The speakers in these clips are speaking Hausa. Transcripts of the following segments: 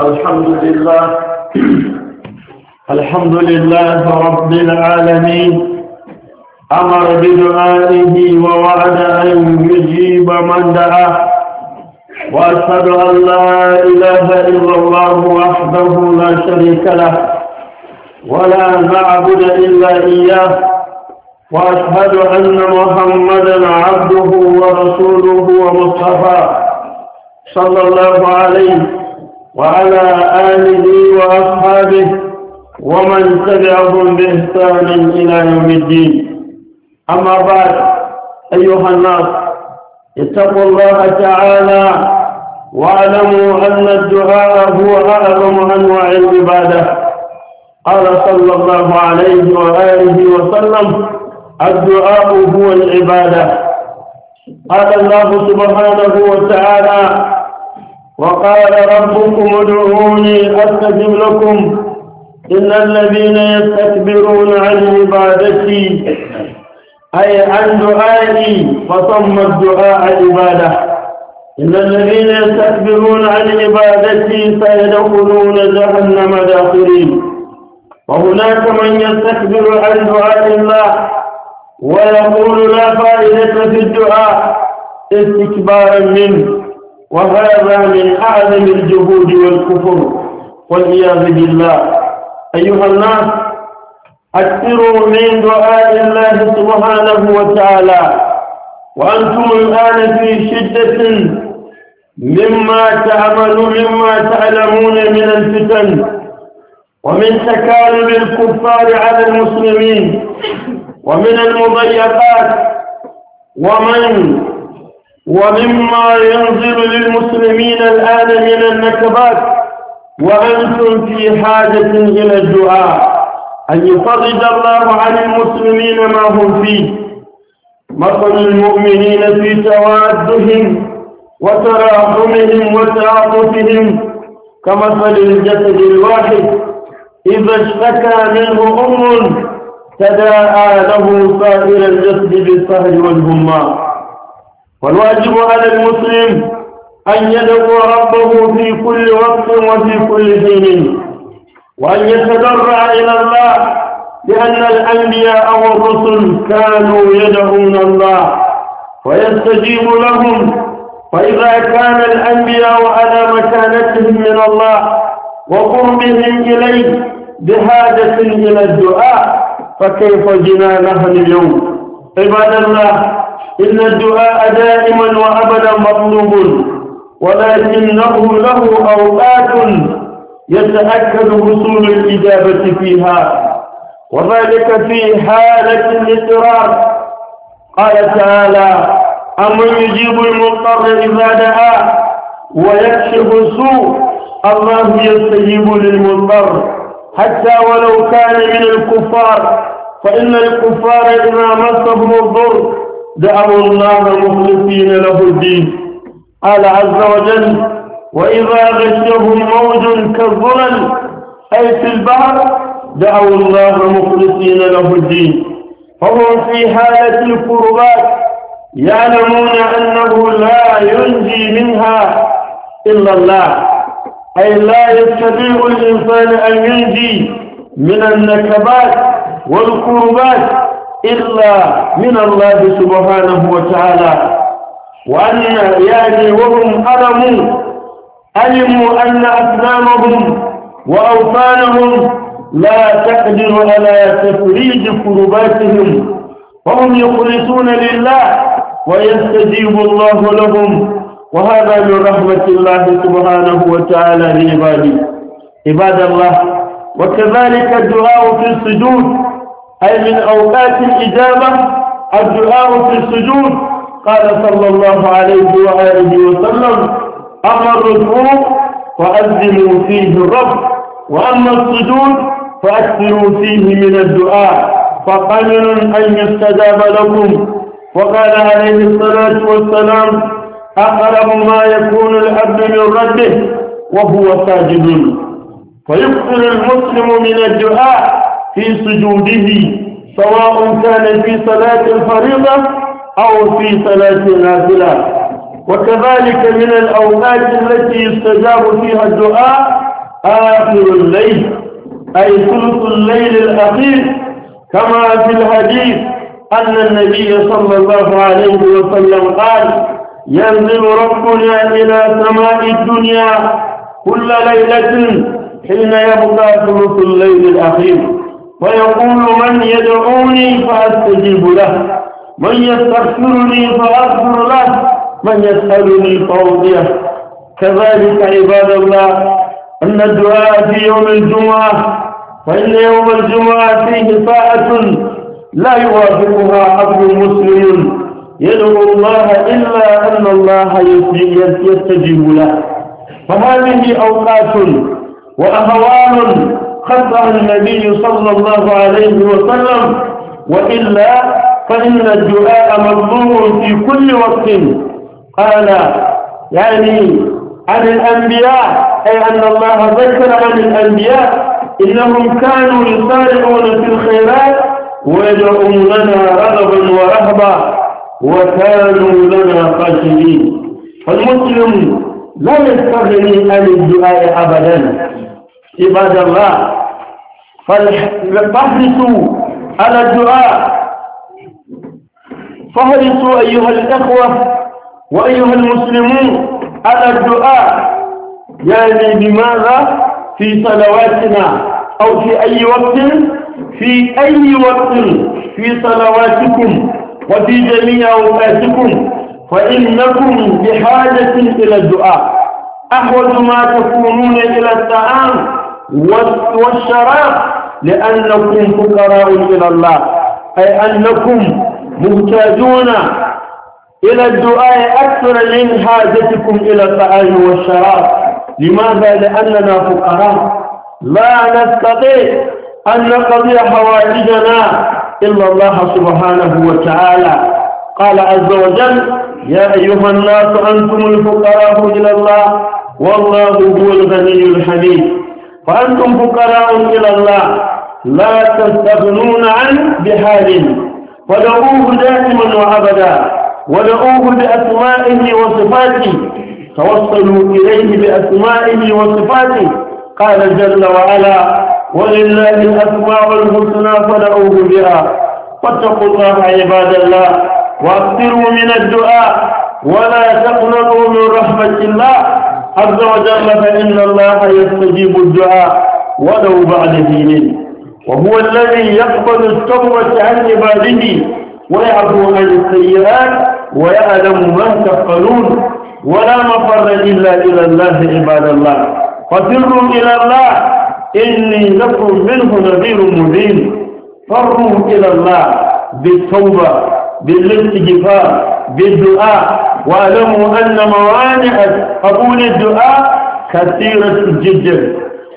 الحمد لله الحمد لله رب العالمين أمر بدعائه ووعد أن يجيب من دعاه وأشهد أن لا إله إلا الله وحده لا شريك له ولا معبد إلا إياه وأشهد أن محمدا عبده ورسوله ومصطفى صلى الله عليه وعلى آله وأصحابه ومن تبعهم بإحسان إلى يوم الدين أما بعد أيها الناس اتقوا الله تعالى واعلموا أن الدعاء هو أعظم أنواع العبادة قال صلى الله عليه وآله وسلم الدعاء هو العبادة قال الله سبحانه وتعالى وقال ربكم ادعوني أستجب لكم إن الذين يستكبرون عن عبادتي أي عن دعائي فصم الدعاء عبادة إن الذين يستكبرون عن عبادتي سيدخلون جهنم داخلين وهناك من يستكبر عن دعاء الله ويقول لا فائدة في الدعاء استكبارا منه وهذا من أعظم الجهود والكفر والعياذ بالله أيها الناس أكثروا من دعاء الله سبحانه وتعالى وأنتم الآن في شدة مما تعملوا مما تعلمون من الفتن ومن تكالب الكفار على المسلمين ومن المضيقات ومن ومما ينزل للمسلمين الآن من النكبات وأنتم في حاجة إلى الدعاء أن يفرج الله عن المسلمين ما هم فيه مثل المؤمنين في توادهم وتراحمهم وتعاطفهم كمثل الجسد الواحد إذا اشتكى منه أم تداعى له سائر الجسد بالسهر والهمام والواجب على المسلم أن يدعو ربه في كل وقت وفي كل حين وأن يتضرع إلى الله لأن الأنبياء والرسل كانوا يدعون الله ويستجيب لهم فإذا كان الأنبياء على مكانتهم من الله وقربهم إليه بحاجة إلى الدعاء فكيف جنى اليوم عباد الله إن الدعاء دائما وأبدا مطلوب ولكنه له أوقات يتأكد حصول الإجابة فيها وذلك في حالة الاضطرار قال تعالى أمن يجيب المضطر إذا دعاه ويكشف السوء الله يستجيب للمضطر حتى ولو كان من الكفار فإن الكفار إذا مسهم الضر دعوا الله مخلصين له الدين قال عز وجل وإذا غشهم موج كالظلل أي في البحر دعوا الله مخلصين له الدين فهم في حالة الكربات يعلمون أنه لا ينجي منها إلا الله أي لا يستطيع الإنسان أن ينجي من النكبات والكربات إلا من الله سبحانه وتعالى وأن يعني وهم ألموا ألموا أن أسلامهم وأوطانهم لا تقدر على تفريج كرباتهم وهم يخلصون لله ويستجيب الله لهم وهذا من رحمة الله سبحانه وتعالى لعباده عباد الله وكذلك الدعاء في السجود أي من أوقات الإجابة الدعاء في السجود قال صلى الله عليه وآله وسلم أما الركوع فأذنوا فيه الرب وأما السجود فأكثروا فيه من الدعاء فقليل أن يستجاب لكم وقال عليه الصلاة والسلام أقرب ما يكون العبد من ربه وهو ساجد فيكثر المسلم من الدعاء في سجوده سواء كان في صلاة الفريضة أو في صلاة النافلة وكذلك من الأوقات التي يستجاب فيها الدعاء آخر الليل أي ثلث الليل الأخير كما في الحديث أن النبي صلى الله عليه وسلم قال ينزل ربنا إلى سماء الدنيا كل ليلة حين يبقى ثلث الليل الأخير فيقول من يدعوني فأستجيب له من يستغفرني فأغفر له من يسألني فأوضيه كذلك عباد الله أن الدعاء في يوم الجمعة فإن يوم الجمعة فيه ساعة لا يوافقها عبد مسلم يدعو الله إلا أن الله يستجيب له فهذه أوقات وأهوال خطأ النبي صلى الله عليه وسلم وإلا فإن الدعاء مطلوب في كل وقت قال يعني عن الأنبياء أي أن الله ذكر عن الأنبياء إنهم كانوا يسارعون في الخيرات ويدعون لنا رغبا ورهبا وكانوا لنا خاشعين فالمسلم لا يستغني عن الدعاء أبدا عباد الله فاحرصوا على الدعاء فاحرصوا أيها الأخوة وأيها المسلمون على الدعاء يعني بماذا في صلواتنا أو في أي وقت في أي وقت في صلواتكم وفي جميع أوقاتكم فإنكم بحاجة إلى الدعاء أحوج ما تكونون إلى الطعام والشراب لأنكم فقراء إلى الله أي أنكم محتاجون إلى الدعاء أكثر من حاجتكم إلى الطعام والشراب لماذا؟ لأننا فقراء لا نستطيع أن نقضي حوائجنا إلا الله سبحانه وتعالى قال عز وجل يا أيها الناس أنتم الفقراء إلى الله والله هو الغني الحميد فأنتم فقراء إلى الله لا تستغنون عنه بحال فدعوه دائما وأبدا ودعوه بأسمائه وصفاته توصلوا إليه بأسمائه وصفاته قال جل وعلا ولله الأسماء الحسنى فدعوه بها فاتقوا الله عباد الله وأكثروا من الدعاء ولا تقنطوا من رحمة الله عز وجل فإن الله يستجيب الدعاء ولو بعد دين وهو الذي يقبل التوبة عن عباده ويعفو عن السيئات ويعلم ما تفعلون ولا مفر إلا إلى الله عباد الله فسروا إلى الله إني لكم منه نذير مبين فروا إلى الله بالتوبة بالاستغفار بالدعاء واعلموا أن موانع قبول الدعاء كثيرة جدا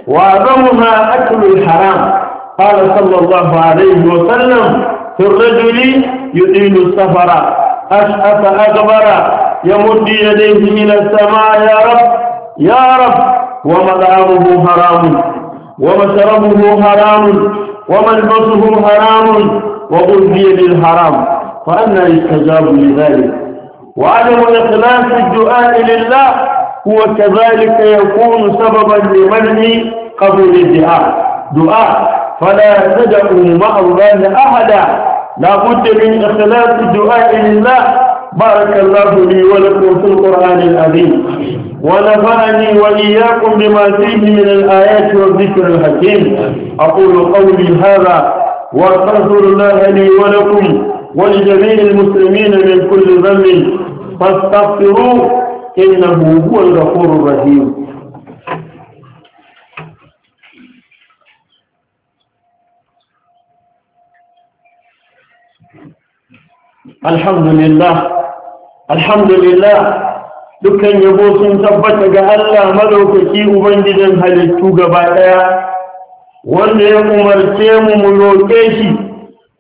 وأعظمها أكل الحرام قال صلى الله عليه وسلم في الرجل يدين السفر أشأف أكبر يمد يديه إلى السماء يا رب يا رب ومطعمه حرام ومشربه حرام وملبسه حرام وغذي للحرام فأنا يستجاب لذلك وعدم في الدعاء لله هو كذلك يكون سببا لمنع قبول الدعاء دعاء فلا تدعوا مع الله أحدا لا بد من إخلاص الدعاء لله بارك الله لي ولكم في القرآن العظيم ونفعني وإياكم بما فيه من الآيات والذكر الحكيم أقول قولي هذا وأستغفر الله لي ولكم ولجميع المسلمين من كل ذنب فاستغفروه إنه هو الغفور الرحيم الحمد لله الحمد لله dukkan yabo sun tabbata ga Allah madaukaki ubangijin halittu gaba ɗaya, wanda ya umarce mu mu roƙe shi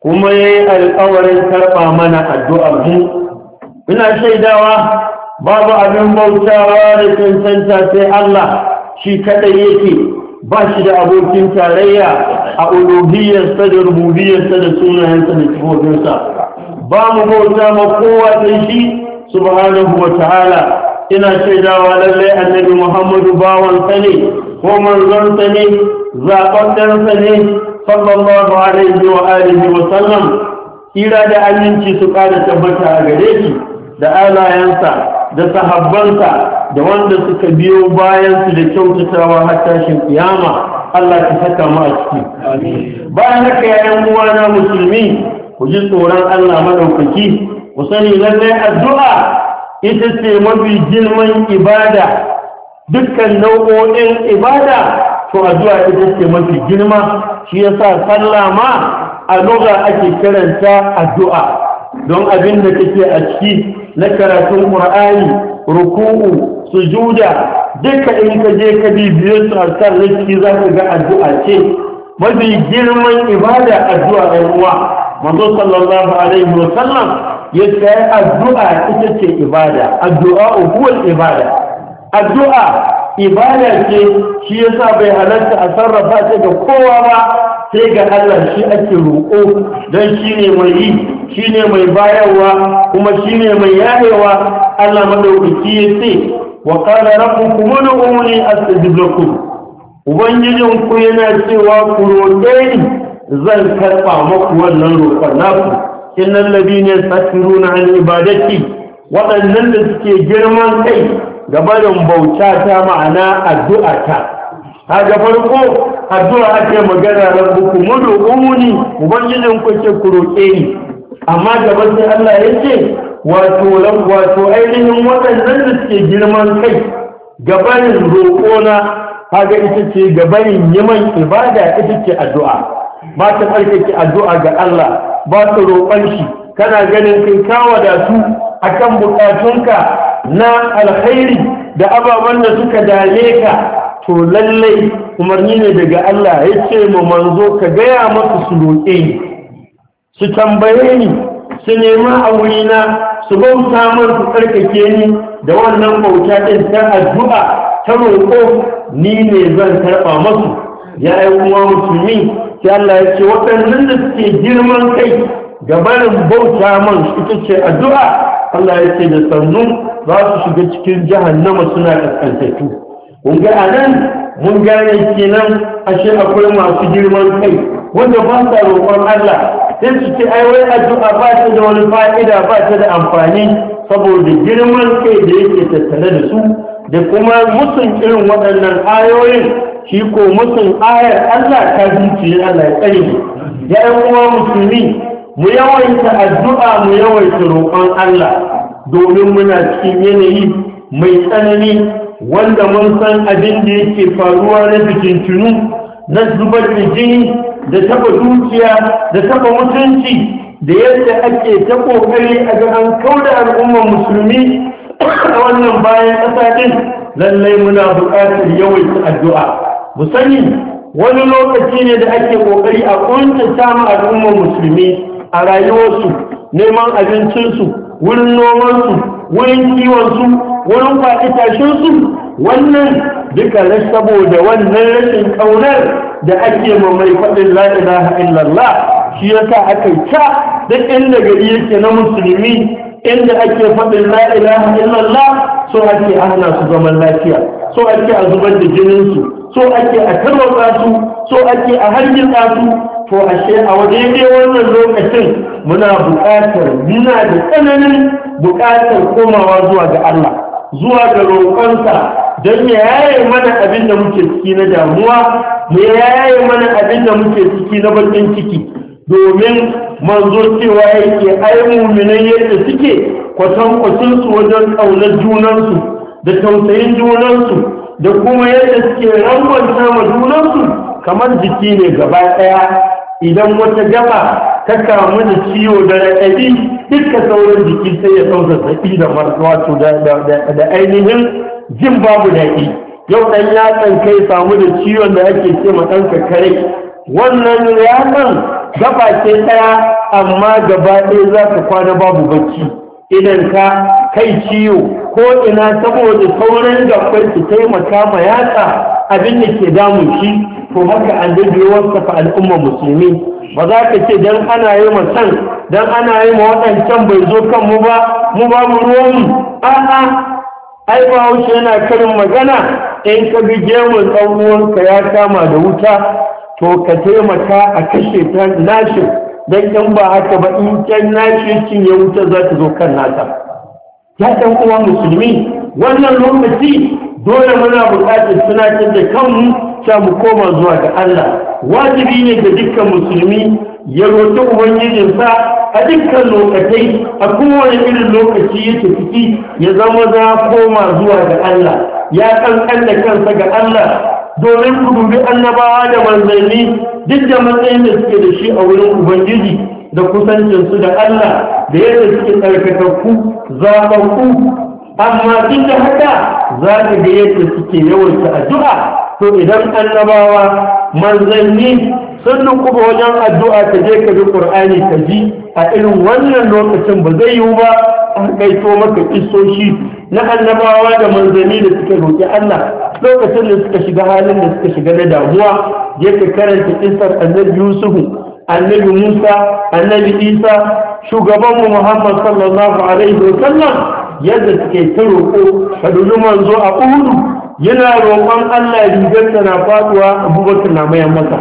kuma yayi alƙawarin karɓa mana addu'ar mu ina shaidawa babu abin bautawa da cancanta sai Allah shi kadai yake ba shi da abokin tarayya a uluhiyarsa da rububiyarsa da sunayensa da sifofinsa ba mu bauta ma kowa sai shi subhanahu wa ta'ala ina shaidawa lallai annabi muhammadu bawansa ne ko manzonsa ne zaɓaɓɓensa ne sallallahu alaihi wa alihi wa sallam ira da aminci su ƙara tabbata a gare shi da alayensa da sahabbansa da wanda suka biyo bayan su da kyautatawa har tashin kiyama Allah ta saka mu a ciki bayan haka yayan uwana musulmi ku ji tsoron Allah madaukaki ku sani lallai addu'a ita ce mafi girman ibada dukkan nau'o'in ibada to addu'a ita ce mafi girma shi yasa sallah ma a lugha ake karanta addu'a don abin da kake a ciki na karatun ƙur'ani ruku'u sujuda duka in ka je ka bibiyar su a kan za ka ga addu'a ce mafi girman ibada addu'a ɗan uwa manzo sallallahu alaihi wa sallam ya tsaye addu'a ita ce ibada addu'a huwal ibada addu'a ibada ce shi yasa bai halarta a sarrafa ta ga kowa ba sai ga Allah shi ake roƙo don shi ne mai yi shi ne mai bayarwa kuma shi ne mai yayewa Allah madaukaki ya ce wa qala rabbukum ud'uni astajib lakum ubangijin ku yana cewa ku roƙe ni zan karɓa maku wannan roƙon naku innal ladina yastakbiruna an ibadati waɗannan da suke girman kai gabarin bauta ta ma'ana addu'a ta haga farko addu'a ake magana rabbukum ud'uni ubangijin ku ce ku roƙe ni amma gaba sai Allah yake wato lam wato ainihin waɗannan da suke girman kai gabanin na haga ita ce gabanin yiman ibada ita ce addu'a ba ta ki addu'a ga Allah ba ta roƙon shi kana ganin kai ka wadatu akan buƙatunka na alkhairi da ababen da suka dame ka to lallai umarni ne daga Allah ya ce mu manzo ka gaya masu su roƙe ni su tambaye ni su nema a wurina su bauta man su tsarkake ni da wannan bauta ɗin ta addu'a ta roƙo ni ne zan karɓa masu ya yi kuma musulmi sai Allah ya ce waɗannan da suke girman kai ga barin bauta man ita ce addu'a Allah ya ce da sannu za su shiga cikin jahannama suna ƙasƙantattu kun ga anan mun gane kenan ashe akwai masu girman kai wanda ba sa roƙon Allah sai su ce ai wai addu'a ba ta da wani fa'ida ba ta da amfani saboda girman kai da yake tattare da su da kuma musun irin waɗannan ayoyin shi ko musun ayar Allah ta zuciya Allah ya tsare ya kuma musulmi mu yawaita addu'a mu yawaita roƙon Allah domin muna cikin yanayi mai tsanani wanda mun san abin da yake faruwa na tunu na zubar da jini da taba dukiya da taba mutunci da yadda ake ta kokari a ga an kauda al'ummar musulmi a wannan bayan ƙasa ɗin, lallai muna buƙatar yawaita addu'a mu sani wani lokaci ne da ake kokari a kunta samun al'ummar musulmi a rayuwarsu neman abincinsu wurin nomansu wurin su, wurin kwaɗi su, wannan duka saboda wannan rashin ƙaunar da ake ma mai faɗin la'ilaha illallah shi yasa aka yi ta duk inda gari yake na musulmi inda ake faɗin la'ilaha illallah so ake hana su zaman lafiya so ake a zubar da jininsu so ake a tarwatsa su so ake a hargitsa su to ashe a waje ne wannan lokacin muna buƙatar muna da tsananin buƙatar komawa zuwa ga Allah zuwa ga roƙonsa don ya yaye mana abin da muke ciki na damuwa ya yaye mana abin da muke ciki na bakin ciki domin manzo cewa yake ai muminan yadda suke kwatan su wajen ƙaunar junansu da tausayin junansu da kuma yadda suke rangon sama junansu kamar jiki ne gaba ɗaya idan wata gaba ta kamu da ciwo da raɗaɗi duka sauran jiki sai ya sau zazzaɓi da wato da ainihin jin babu daɗi yau ɗan yatsan kai samu da ciwon da ake ce ma ɗanka kare wannan yatsan gaba ce ɗaya amma gaba ɗaya za ka kwana babu bacci idan ka kai ciwo ko ina saboda sauran gaban su taimaka ma yatsa abin da ke damun shi to haka annabi ya wasafa al'umma musulmi ba za ka ce dan ana yi ma san dan ana yi ma waɗancan bai zo kan mu ba mu ba mu ruwan a'a ai ba wuce yana karin magana in ka bi gemun ɗan ya kama da wuta to ka taimaka a kashe ta nashi dan yan ba haka ba in can nashi cin ya wuta za ta zo kan nata ya ɗan uwa musulmi wannan lokaci dole muna buƙatar tunatar da kanmu ta mu koma zuwa ga Allah wajibi ne ga dukkan musulmi ya roƙi ubangijinsa a dukkan lokatai, a kowane irin lokaci ya tafi ya zama za koma zuwa ga Allah ya kankan kansa ga Allah domin ku dubi annabawa da manzanni duk da matsayin da suke da shi a wurin ubangiji da kusancinsu da Allah da yadda suke tsarkakakku zaɓaɓɓu amma duk da haka za ka ga yadda suke yawaita addu'a to idan annabawa manzanni sun nukuba wajen addu'a ka je ka bi ƙur'ani ka ji a irin wannan lokacin ba zai yiwu ba a kaito maka isoshi na annabawa da manzanni da suka roƙi Allah lokacin da suka shiga halin da suka shiga na damuwa je ka karanta kisar annabi Yusufu annabi Musa annabi Isa shugabanmu Muhammad sallallahu alaihi wa sallam yadda suke ta roƙo ka manzo a Uhudu yana roƙon Allah rigarsa na faduwa abubakar na mayan masa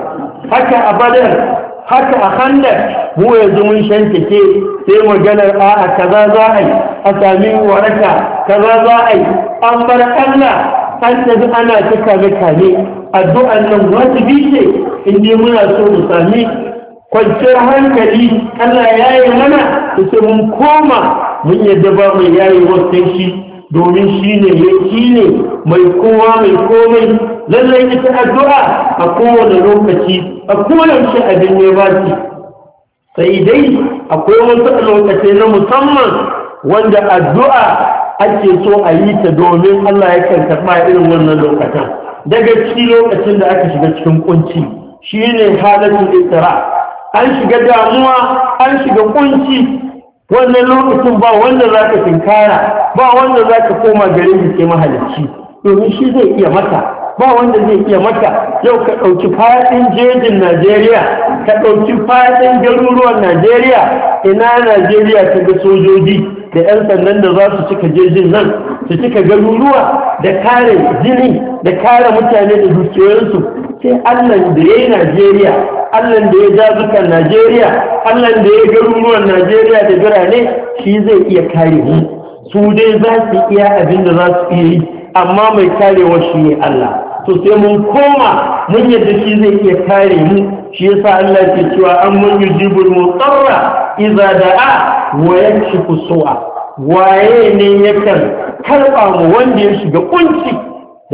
haka a badar haka a handar mu yanzu mun ke sai maganar a'a kaza za a yi a sami waraka kaza za a yi an bar Allah an tafi ana ta kame kame addu'an nan wata ce in dai muna so mu sami kwanciyar hankali Allah ya yi mana sai mun koma mun yadda ba mai yayi wasu shi domin shi ne mai ne mai kowa mai komai lallai ita addu'a a kowane lokaci a shi abin ne ba ce sai dai akwai wasu lokaci na musamman wanda addu'a ake so a yi ta domin Allah ya kan karɓa irin wannan lokacin daga ci lokacin da aka shiga cikin kunci shi ne halittar an shiga damuwa an shiga kunci wannan lokacin ba wanda za ka tinkara ba wanda za ka koma garin da ke mahalicci domin shi zai iya mata ba wanda zai iya mata yau ka ɗauki faɗin jejin najeriya ka ɗauki faɗin garuruwan najeriya ina najeriya ta ga sojoji da 'yan sandan da za su cika jejin nan su cika garuruwa da kare jini da kare mutane da dukiyoyinsu sai allah da ya yi najeriya allah da ya dazukan najeriya allah da ya garuruwan najeriya da birane shi zai iya kare mu su dai za su iya abin da za su iya yi amma mai karewa shi ne allah to sai mun koma mun yadda shi zai iya kare mu shi yasa Allah ke cewa an mun yi yujibul mutarra da da'a wa yakshifu kusuwa waye ne yakan karɓa mu wanda ya shiga kunci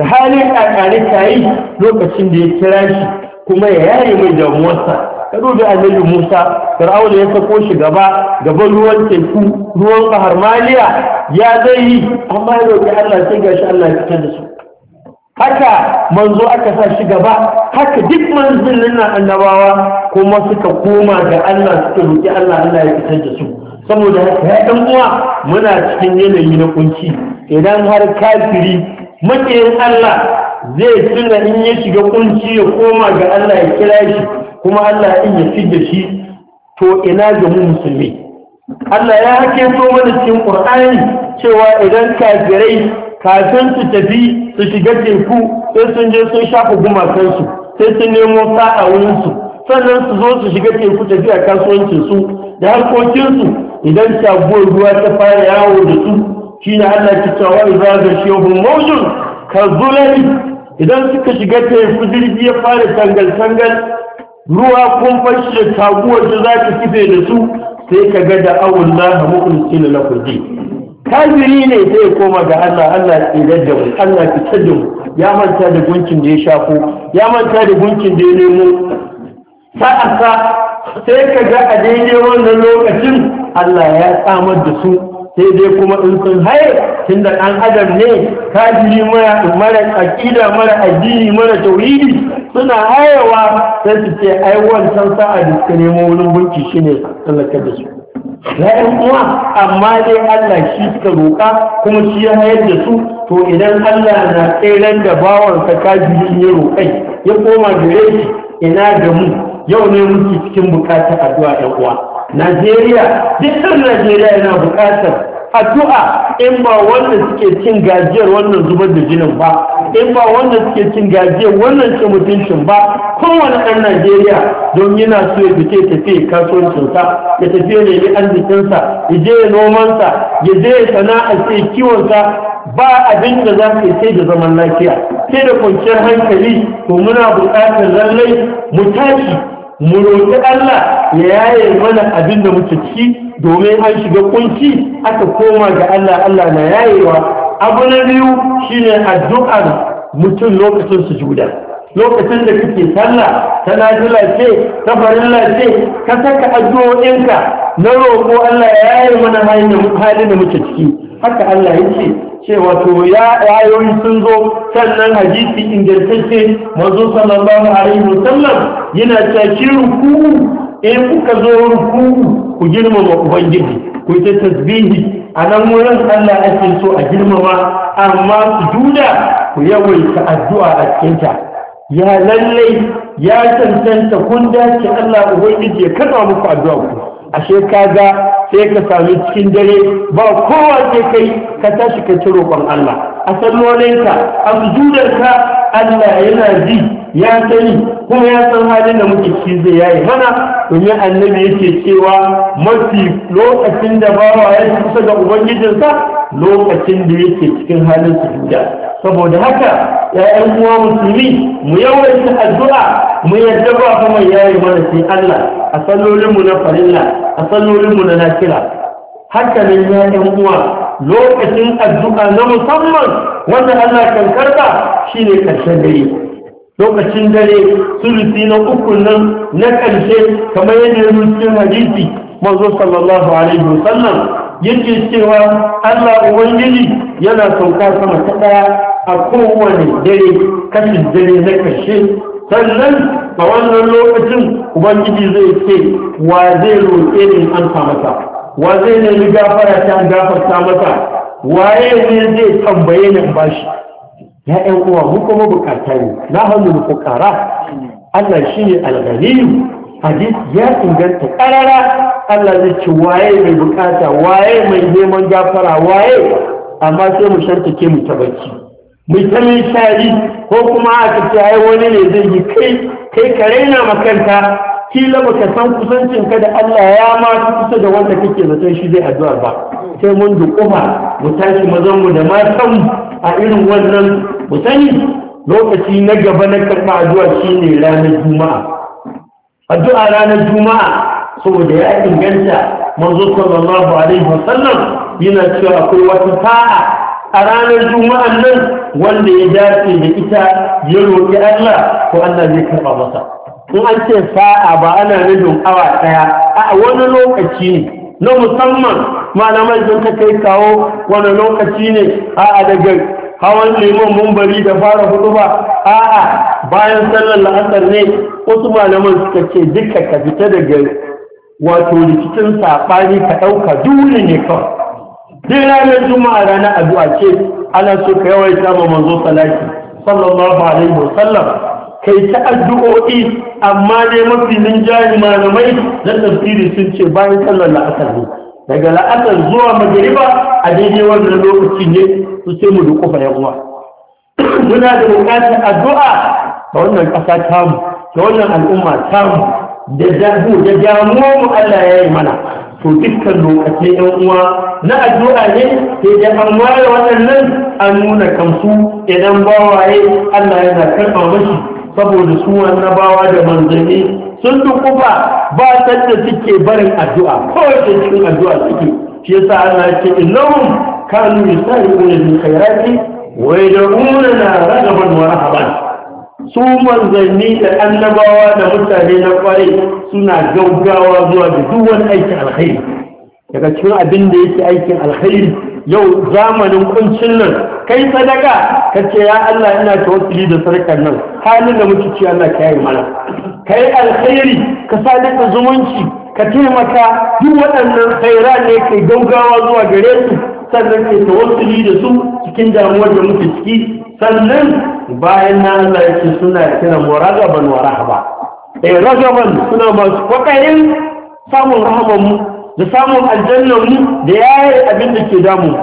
da halin ta yi lokacin da ya kira shi kuma ya yare mai damuwarsa ka dubi annabi Musa da ya sako shi gaba gaban ruwan teku ruwan bahar maliya ya zai yi amma ya roƙi Allah sai gashi Allah ya fitar da su haka manzo aka sa shi gaba haka duk manzilin nan annabawa kuma suka koma ga Allah suka roƙi Allah Allah ya fitar da su saboda haka ya uwa muna cikin yanayi na kunci idan har kafiri matsayin Allah zai tuna in ya shiga kunci ya koma ga Allah ya kira shi kuma Allah in ya fi da shi to ina ga mu musulmi Allah ya hake so mana cikin Qur'ani cewa idan kafirai kafin su tafi su shiga teku sai sun je sun shafa gumakansu sai sun nemo sa'a wurinsu sannan su zo su shiga teku tafi kasuwancin kasuwancinsu da harkokinsu idan shaguwar ruwa ta fara yawo da su shi ne Allah ki cewa idza gashiyahum mawjun ka zulali idan suka shiga teku jirgi ya fara tangal tangal ruwa kun fashi da taguwar da za ta kife da su sai ka ga da awun laha mu'min na kuji kafiri ne sai koma ga Allah Allah tsirar da mu Allah fitar da mu ya manta da gunkin da ya shafo ya manta da gunkin da ya nemo sa'a sai ka ga a daidai wannan lokacin Allah ya tsamar da su sai dai kuma in sun haye da ɗan adam ne kajiri mara aƙida mara addini mara tauhidi suna hayewa sai su ce ai wancan sa'a da suka nemo wurin shi shine tsallaka da su ra'ayin uwa amma dai Allah shi suka roƙa kuma shi ya hayar da su to idan Allah na tseren da bawansa kajiri ya roƙai ya koma gare shi ina da mu yau ne muke cikin bukatar addu'a 'yan uwa najeriya dukkan najeriya yana buƙatar addu'a in ba wanda suke cin gajiyar wannan zubar da jinin ba in ba wanda suke cin gajiyar wannan ce mutuncin ba kowane ɗan najeriya don yana so ya fice tafiye kasuwancinsa ya tafi ya nemi arzikinsa ya je ya nomansa ya je ya sana'a sai kiwonsa ba abin da za ka yi sai da zaman lafiya sai da kwanciyar hankali to muna buƙatar lallai mu tashi mu roƙi allah ya yaye mana abin da muke ci domin an shiga kunci aka koma ga Allah Allah na yayewa abu na biyu shine addu'ar mutum lokacin sujuda lokacin da kake sallah ta nafila ce ta farilla ce ka saka addu'o'inka na roƙo Allah ya yaye mana halin da muke ciki haka Allah ya ce ce wato ya ayoyi sun zo sannan hadisi ingantacce manzo sallallahu alaihi wasallam yana ta ku in kuka zo ku ku girmama ubangiji ku ta tasbihi a nan wurin Allah ake so a girmama amma sujuda ku yawaita addu'a a cikinta ya lallai ya cancanta kun dace Allah ubangiji ya kaza muku addu'a ku ashe kaga sai ka sami cikin dare ba kowa sai kai ka tashi ka ci roƙon Allah a sallolinka a sujudarka Allah yana ji ya sani kuma ya san halin da muke ciki zai yayi mana domin annabi yake cewa mafi lokacin da bawa ya kusa da ubangijinsa lokacin da yake cikin halin sujuda saboda haka ‘ya'yan uwa musulmi mu yawaita addu'a mu yadda ba fa mai yayi mana sai Allah a mu na farilla a mu na nakira haka nan 'yan uwa lokacin addu'a na musamman wanda Allah kan karba shine karshen dare lokacin dare sulusi na uku nan na ƙarshe kamar yadda ya cikin hadisi manzo sallallahu alaihi wasallam yake cewa Allah Ubangiji yana sauka sama ta ɗaya a kowane dare kashin dare na kashe sannan a wannan lokacin Ubangiji zai ce wa zai roƙe ni an masa wa zai nemi gafara ta gafarta masa waye ne zai tambaye ba shi? ya ƴan uwa mu kuma bukata ne na hannu fukara Allah shine al-ghani hadisi ya inganta ƙarara Allah zai ce waye mai bukata waye mai neman gafara waye amma sai mu shantake mu ta ci. mu ta shari ko kuma a tafi ai wani ne zai yi kai kai ka raina makanta kila ka san kusancin ka da Allah ya ma kusa da wanda kake zaton shi zai addu'a ba sai mun duƙuma mu tashi mazan mu da matan a irin wannan mu sani lokaci na gaba na karɓa addu'a shine ranar juma'a addu'a ranar juma'a saboda ya inganta manzo sallallahu alaihi wasallam yana cewa akwai wata fa'a a ranar juma'a nan wanda ya dace da ita ya roƙi Allah ko Allah zai karɓa masa in an ce fa'a ba ana nufin awa ɗaya a wani lokaci ne na musamman malaman sun ta kai kawo wani lokaci ne a'a daga hawan lemon mumbari da fara hudu ba a'a bayan sallar la'asar ne wasu malaman suka ce duka ka fita daga wato da cikin saɓani ka ɗauka dole ne kawai duk ranar juma'a ranar addu'a ce ana so ka yawaita ma manzo salati sallallahu alaihi sallam kai ta addu'o'i amma dai mafi linjari malamai na tafsiri sun ce bayan sallar la'asar ne daga la'asar zuwa magariba a daidai wannan lokaci ne su sai mu dukufa ya uwa muna da bukatar addu'a ga wannan ƙasa tamu ga wannan al'umma tamu da damu da damuwa mu Allah ya yi mana to dukkan lokaci yan uwa na addu'a ne sai da an ware waɗannan an nuna kansu idan bawaye Allah yana karɓa mashi saboda su bawa da manzanni sun dukufa ba da suke barin addu'a kawai da cikin addu'a suke shi yasa Allah ya ce innahum kanu yusari'una bil khairati wa yad'una ragaban wa rahaban su manzanni da annabawa da mutane na kwarai suna gaugawa zuwa da duk wani aikin alkhairi daga cikin abin da yake aikin alkhairi yau zamanin kuncin nan kai sadaka ka ce ya Allah ina tawassuli da sarkar nan halin da muke ci Allah ka yi mana kai alkhairi ka sadaka zumunci ka taimaka duk waɗannan khaira ne kai gaugawa zuwa gare su sannan kai tawassuli da su cikin damuwar da muke ciki sannan bayan na Allah yake suna kiran mu ragaban wa rahaba eh ragaban suna masu kwakayin samun rahaban mu da samun aljannan mu da yayi abin da ke damu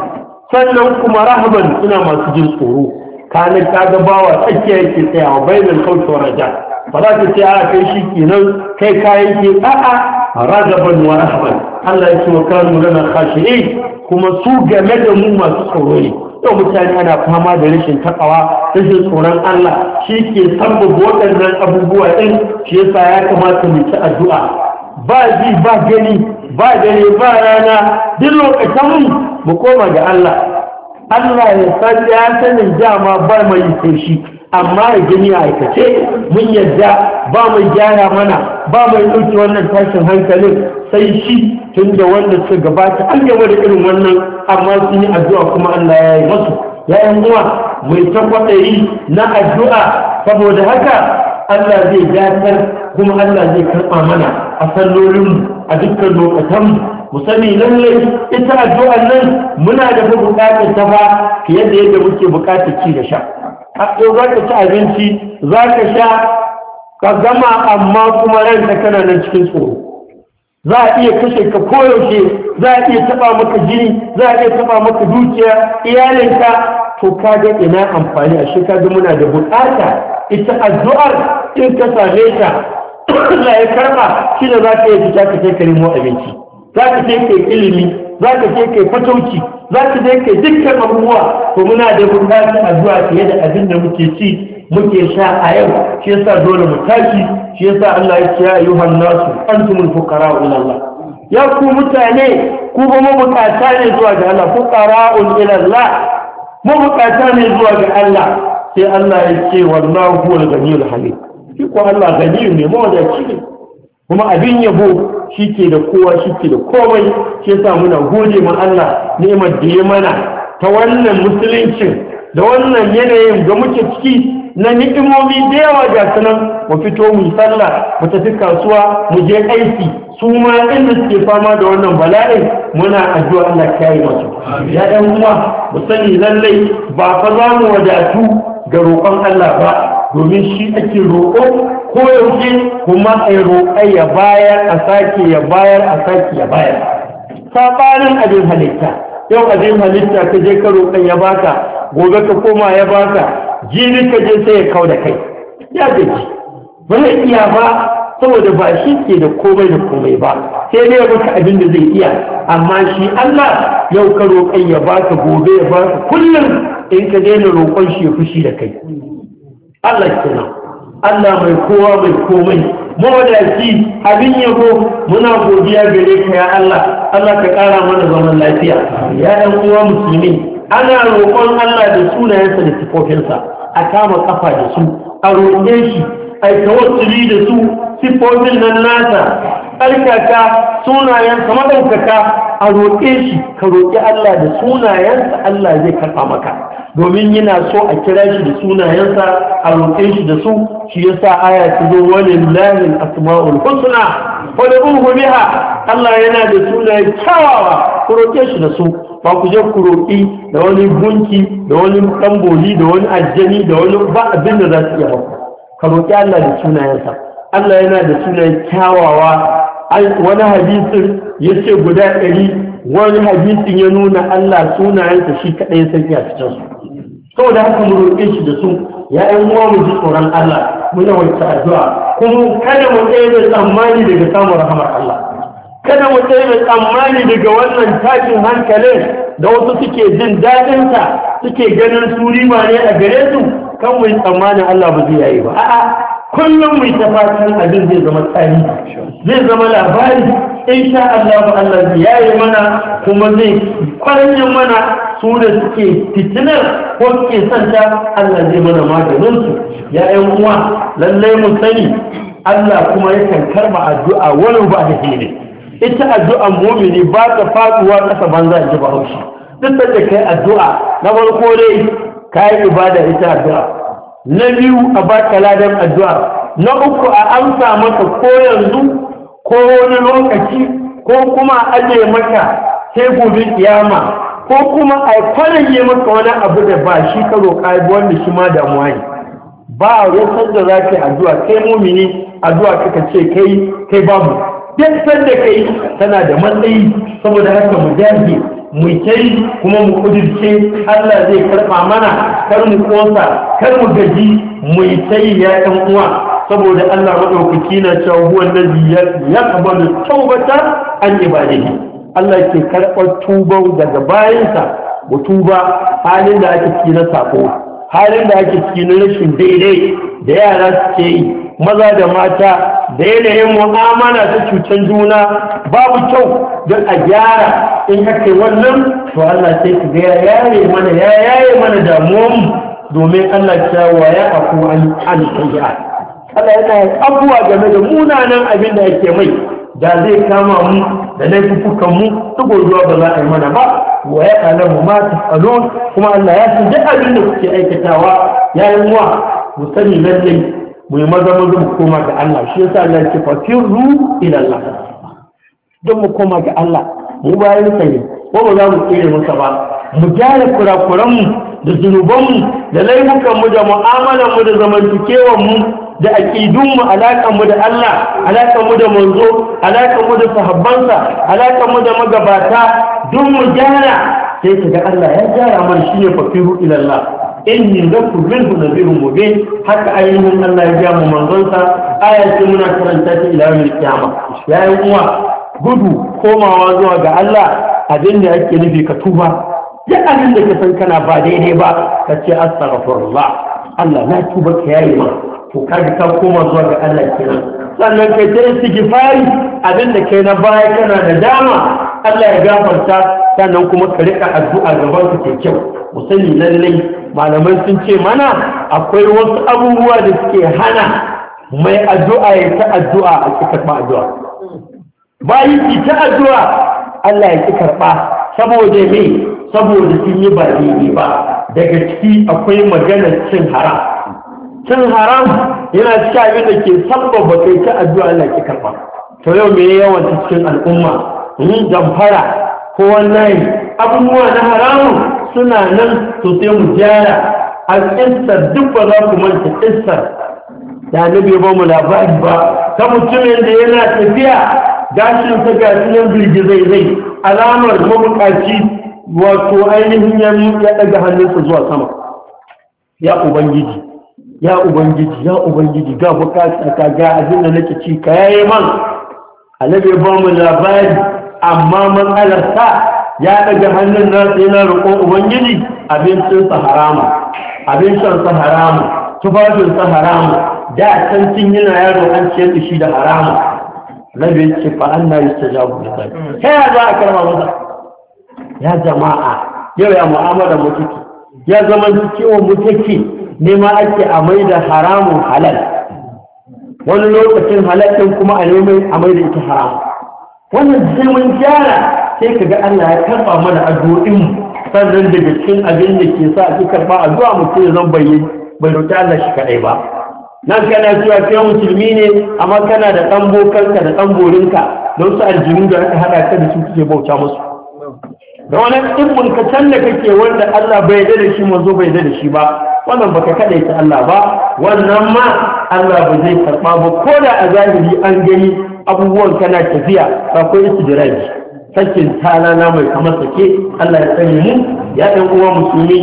sannan kuma rahaban suna masu jin tsoro kanin kaga bawa tsakiya yake tsayawa bainal khawfi wa raja ba za ka ce a kai shi kenan kai kayan ke a'a ragaban wa rahaban Allah yake wa kanu lana khashi'in kuma su game da mu masu tsoro ne yau mutane ana fama da rashin takawa rashin tsoron Allah shi ke sabbaba waɗannan abubuwa ɗin shi yasa ya kamata mu ci addu'a ba ji ba gani ba dare ba rana duk lokacin mu mu koma ga Allah Allah ya san ya sanin dama ba mai sai amma ya gani a aikace mun yadda ba mai gyara mana ba mai ɗauke wannan tashin hankalin sai shi tun da wanda suka gabata an gaba da irin wannan amma sun yi addu'a kuma Allah ya yi masu ya yi uwa mai tabbatsari na addu'a saboda haka Allah zai gatar, kuma Allah zai karɓa mana a sallolinmu a dukkan lokacinmu, mu sani lallai ita addu'ar nan muna da bukatar ta ba fiye da yadda muke bukatar ci da sha haɗo za ka ci abinci za ka sha ka gama amma kuma ranta kana nan cikin tsoro za a iya kashe ka koyaushe za a iya taba maka jini za a iya taba maka dukiya iyalinka to ka ga ina amfani a shi ga muna da bukata ita addu'ar in ka same ta Allah ya karba shi da za ka yi ka je ka abinci za ka je ka ilimi za ka je ka yi fatauci za ka je ka dukkan abubuwa to muna da bukata addu'a fiye da abin da muke ci muke sha a yau shi yasa dole mu tashi shi yasa Allah ya ce ya ayyuhan nasu antumul fuqara ila Allah ya ku mutane ku ba mu bukata ne zuwa ga Allah fuqara ila Allah mu bukata ne zuwa ga Allah sai Allah ya ce wallahu huwal ganiyul halim shi ko Allah gani ne da shi kuma abin yabo shi ke da kowa shi ke da komai shi yasa muna gode ma Allah ni'imar da ya mana ta wannan musuluncin da wannan yanayin da muke ciki na ni'imomi da yawa ga sanan mu fito mu sallah mu tafi kasuwa mu je aiki su ma da suke fama da wannan bala'in muna addu'a Allah ya yi masu ya dan kuma mu sani lallai ba fa za mu wadatu ga roƙon Allah ba domin shi ake roƙo ko yaushe kuma a roƙa ya bayar a sake ya bayar a sake ya bayar sabanin abin halitta yau abin halitta ka je ka roƙa ya baka gobe ka koma ya baka jini ka je sai ya kau da kai ya gaji ba zai iya ba saboda ba shi ke da komai da komai ba sai dai maka abin da zai iya amma shi Allah yau ka roƙon ya ba baka gobe ya ba baka kullum in ka daina roƙon shi ya fushi da kai Allah kenan Allah mai kowa mai komai mawadaci abin yabo muna godiya gare ka ya Allah Allah ka ƙara mana zaman lafiya ya ɗan uwa musulmi ana roƙon Allah da sunayensa da sifofinsa a kama kafa da su a roƙe shi a tawassuli da su sifofin nan nata, ƙarƙaka sunayensa maɗaukaka a roƙe shi ka roƙi Allah da sunayensa Allah zai karɓa maka domin yana so a kira shi da sunayensa a roƙe shi da su shi ya yasa aya ta zo walillahi asma'ul husna wa biha Allah yana da sunayen kyawawa ku roƙe shi da su ba ku je ku roƙi da wani gunki da wani ɗanboli da wani aljani da wani ba abin da za su iya ba ka roƙi Allah da sunayensa Allah yana da sunayen kyawawa wani hadisin ya ce guda ɗari wani hadisin ya nuna Allah sunayensa shi kaɗai san iya cikin su da haka mu roƙe shi da su ya ƴan uwa mu ji tsoron Allah muna wata addu'a kuma kada mu ɗaya da tsammani daga samun rahamar Allah kada mu tsaye tsammani daga wannan tashin hankalin da wasu suke jin daɗinsa suke ganin suri ba ne a gare su kan mu tsammanin Allah ba zai yayi ba a'a kullum mu ta abin zai zama tsari zai zama labari insha Allah ba Allah zai yayi mana kuma zai kwaranya mana su da suke fitinar ko suke santa Allah zai mana maganin su ɗan uwa lallai mu sani Allah kuma yakan karba addu'a wani ba da hili ita addu'an mumini ba ta faduwa ƙasa banza ji ba haushi duk da kai addu'a na farko dai ka yi ibada ita addu'a na biyu a ka ladan addu'a na uku a amsa maka ko yanzu ko wani lokaci ko kuma a ajiye maka sai gobe kiyama ko kuma a kwarage maka wani abu da ba shi ka roƙa wanda shi ma damuwa ne ba a rotar da za ka yi addu'a kai mumini addu'a kaka ce kai kai babu duk sanda kai tana da matsayi saboda haka mu jahi mu kai kuma mu kudirce Allah zai karfa mana kar mu kosa kar mu gaji mu kai ya ɗan uwa saboda Allah madaukaki na cewa huwa ya yaqbalu tawbata an ibadihi Allah ke karɓar tuban daga bayansa mu tuba halin da ake cikin sako halin da ake cikin rashin daidai da yara suke yi maza da mata da yanayin mu'amala ta cutar juna babu kyau don a gyara in aka wannan to Allah sai ku ga yare mana ya yaye mana damuwan domin Allah ta waya ku an an Allah yana abuwa game da munanan abin da yake mai da zai kama mu da laifukan mu tugurwa ba za a yi mana ba wa ya mu ma tsalon kuma Allah ya san duk abin da kuke aikatawa yayin wa mu sani lallai mu yi maza maza mu koma ga Allah shi yasa Allah yake fa sirru ila Allah don mu koma ga Allah mu bayan sa ne ko ba za mu tsere masa ba mu gyara kurakuran mu da zunuban mu da laifukan mu da mu'amalan mu da zamantakewan mu da aƙidun mu alaƙan mu da Allah alaƙan mu da manzo alaƙan mu da sahabbansa alaƙan mu da magabata don mu gyara sai ka ga Allah ya gyara mana shine fa sirru ila Allah inni zakku minhu nadhirun mubin haka ainihin Allah ya mu manzonsa aya ce muna karanta ta ila yawmil qiyamah ya yi uwa gudu komawa zuwa ga Allah abin da nufi ka tuba duk abin da ka san kana ba daidai ba ka ce astaghfirullah Allah na tuba ka yayi ma to kaga ka koma zuwa ga Allah kenan sannan kai ta istighfari abin da kai na baya kana da dama Allah ya gafarta sannan kuma ka rika addu'a gaban ka ke kyau mu sani lallai malamai sun ce mana akwai wasu abubuwa da suke hana mai addu'a ya ta addu'a a ki karɓa addu'a bayi ki ta addu'a Allah ya ki karɓa saboda me saboda sun yi ba daidai ba daga ciki akwai magana cin haram cin haram yana cikin abin da ke sabbaba kai ta addu'a Allah ya ki karɓa to yau me yawan cikin al'umma yin hmm, damfara ko wannan abubuwa na haramun suna nan sosai mu gyara an duk ba za ku manta ƙistar da bai ba mu labari ba Ka mutumin da yana tafiya gashin sa gashi nan birgi zai alamar mabukaci wato ainihin ya ya daga hannunsa zuwa sama ya ubangiji ya ubangiji ya ubangiji ga bukaci ka ga abin da nake ci ka yayi man Alabe ba mu labari amma matsalar sa ya daga hannun nasa yana roƙon ubangiji abincinsa harama abin harama tufafinsa harama da can cin yana yaro an ce da shi da harama biyu ce fa an na yi ta jabu da ta ya za a karba masa ya jama'a yau ya mu'amala mutuki ya zama ciwon mutuki ne ma ake a mai da haramun halal wani lokacin halaccin kuma a nemi a mai da ita haramun wannan sai mun gyara sai ka ga Allah ya karɓa mana addu'o'in sannan daga cikin abin da ke sa ake karɓa addu'a mutum ya zan bayyana bai roƙi Allah shi kaɗai ba nan kana zuwa kai musulmi ne amma kana da ɗan bokanka da ɗan borinka don su aljinu da aka haɗa ka da su kike bauta musu da wani mun ka can kake wanda Allah bai da shi manzo bai da shi ba wannan baka kaɗai ta Allah ba wannan ma Allah ba zai karɓa ba ko da a zahiri an gani abubuwan kana tafiya akwai istidiraji sakin talala mai kamar sake Allah ya sani mu ya ɗan uwa musulmi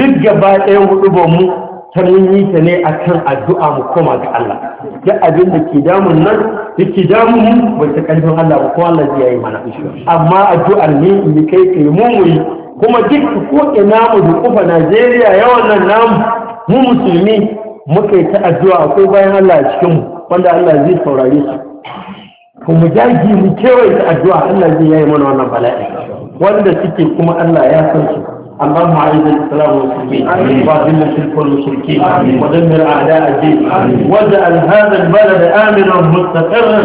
duk gaba ɗaya hudu mu ta nuni ta ne akan addu'a mu koma ga Allah duk abin da ke damun nan da ke damun mu bai ta ƙarfin Allah ba ko Allah zai yi mana amma addu'ar ne in kai kai mu mu yi kuma duk ko ina mu da kufa Najeriya yawan nan namu mu musulmi muka yi ta addu'a akwai bayan Allah a cikin mu wanda Allah zai saurare su to mu dage mu kewaye addu'a Allah zai yayi mana wannan bala'i wanda suke kuma Allah ya san su اللهم اعز الاسلام والمسلمين واذل الشرك والمشركين ودمر اعداء الدين واجعل هذا البلد امنا مستقرا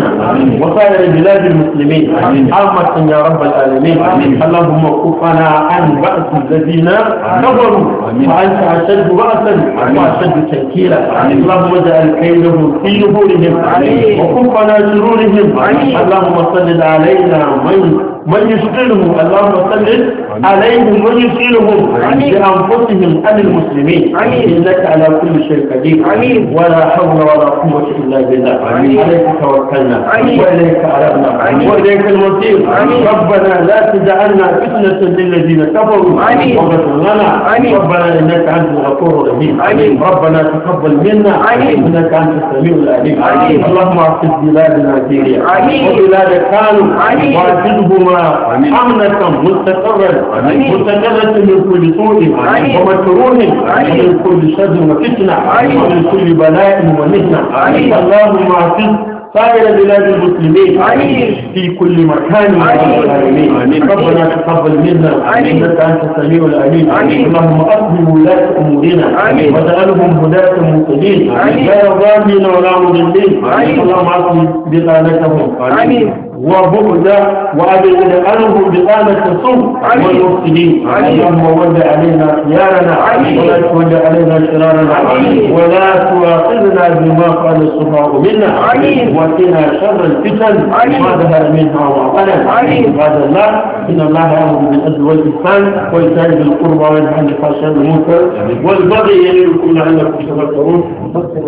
وسائر بلاد المسلمين عامة يا رب العالمين اللهم وفقنا عن بأس الذين كفروا وانت اشد بأسا واشد تنكيرا اللهم اجعل كيدهم في نفورهم وكفنا شرورهم اللهم صل علينا من من يشغله اللهم صل عليهم من يشغله منهم بأنفسهم أم المسلمين إنك على كل شيء قدير ولا حول ولا قوة إلا بالله عليك توكلنا وإليك أربنا وإليك المصير ربنا لا تجعلنا فتنة للذين كفروا واغفر ربنا إنك أنت الغفور الرحيم ربنا تقبل منا إنك أنت السميع العليم اللهم اعطف بلاد نيجيريا وبلاد كانوا واجدهما أمنة مستقرة مستقرة ومن كل سوء ومكروه ومن كل شر وفتنة ومن كل بلاء ومهنة اللهم اعطنا سائر بلاد المسلمين في كل مكان العالمين ربنا تقبل منا انك انت السميع العليم اللهم اصلح ولاة امورنا واجعلهم هداة مهتدين لا ضالين ولا مضلين اللهم اصلح بطانتهم امين وبعد وأبعد عنهم بآلة الصوم والمفسدين اللهم ول علينا خيارنا ولا تول علينا شرارنا ولا تواخذنا بما قال السماء منا وقنا شر الفتن ما ظهر منها وبطن عباد الله إن الله يأمر بالعدل والإحسان وإيتاء ذي القربى وينهى عن الفحشاء والمنكر والبغي يعظكم لعلكم تذكرون